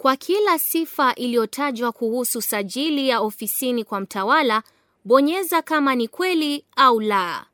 Kwa kila sifa iliyotajwa kuhusu sajili ya ofisini kwa mtawala, bonyeza kama ni kweli au la.